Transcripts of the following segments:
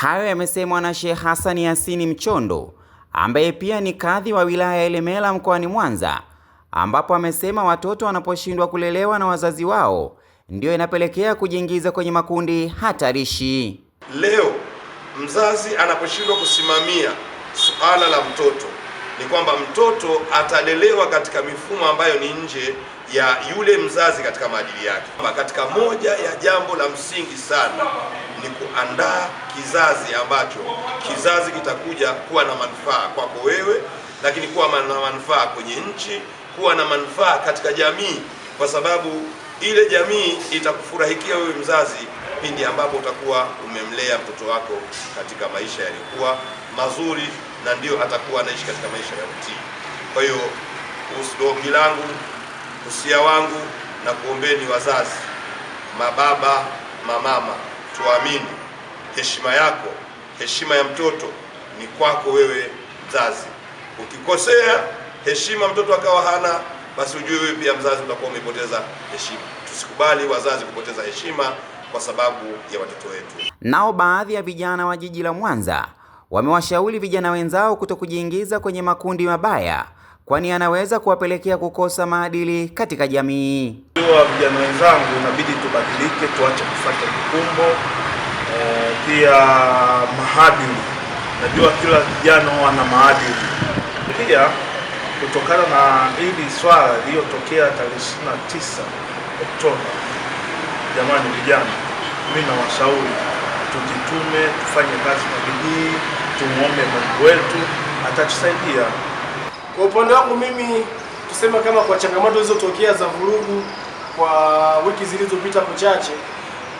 Hayo yamesemwa na Sheikh Hassan Yasini Mchondo ambaye pia ni kadhi wa wilaya ya Ilemela mkoani Mwanza, ambapo amesema watoto wanaposhindwa kulelewa na wazazi wao ndiyo inapelekea kujiingiza kwenye makundi hatarishi. Leo mzazi anaposhindwa kusimamia suala la mtoto ni kwamba mtoto atalelewa katika mifumo ambayo ni nje ya yule mzazi katika maadili yake. Katika moja ya jambo la msingi sana ni kuandaa kizazi ambacho kizazi kitakuja kuwa na manufaa kwako wewe, lakini kuwa na manufaa kwenye nchi, kuwa na manufaa katika jamii, kwa sababu ile jamii itakufurahikia wewe mzazi pindi ambapo utakuwa umemlea mtoto wako katika maisha yaliyokuwa mazuri na ndio atakuwa anaishi katika maisha ya utii. Kwa hiyo ombi langu, usia wangu na kuombeni wazazi, mababa, mamama, tuamini heshima yako, heshima ya mtoto ni kwako wewe mzazi. Ukikosea heshima mtoto akawa hana basi ujue wewe pia mzazi utakuwa umepoteza heshima. Tusikubali wazazi kupoteza heshima kwa sababu ya watoto wetu. Nao baadhi ya vijana wa jiji la Mwanza wamewashauri vijana wenzao kuto kujiingiza kwenye makundi mabaya, kwani anaweza kuwapelekea kukosa maadili katika jamii. Kwa vijana wenzangu, inabidi tubadilike, tuache kufuata vikumbo, e, eh, pia maadili. Najua kila vijana na maadili pia, kutokana na hili swala liliyotokea tarehe 29 Oktoba. Jamani vijana, mimi nawashauri tujitume, tufanye kazi kwa bidii tumuombe Mungu wetu atatusaidia. Kwa upande wangu mimi tuseme kama kwa changamoto zilizotokea za vurugu kwa wiki zilizopita kuchache,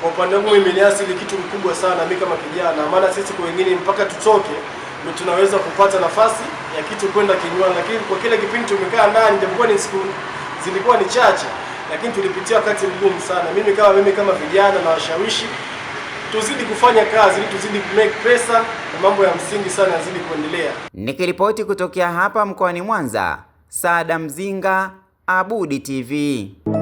kwa upande wangu mimi imeniasili kitu kikubwa sana mimi kama kijana, maana sisi kwa wengine mpaka tutoke ndio tunaweza kupata nafasi ya kitu kwenda kinywa, lakini kwa kile kipindi tumekaa ndani, japokuwa ni siku zilikuwa ni chache, lakini tulipitia wakati mgumu sana. Mimi kama mimi kama vijana na washawishi tuzidi kufanya kazi ili tuzidi kumake pesa na mambo ya msingi sana yazidi kuendelea. Nikiripoti kutokea hapa mkoani Mwanza, Saada Mzinga, Abudi TV.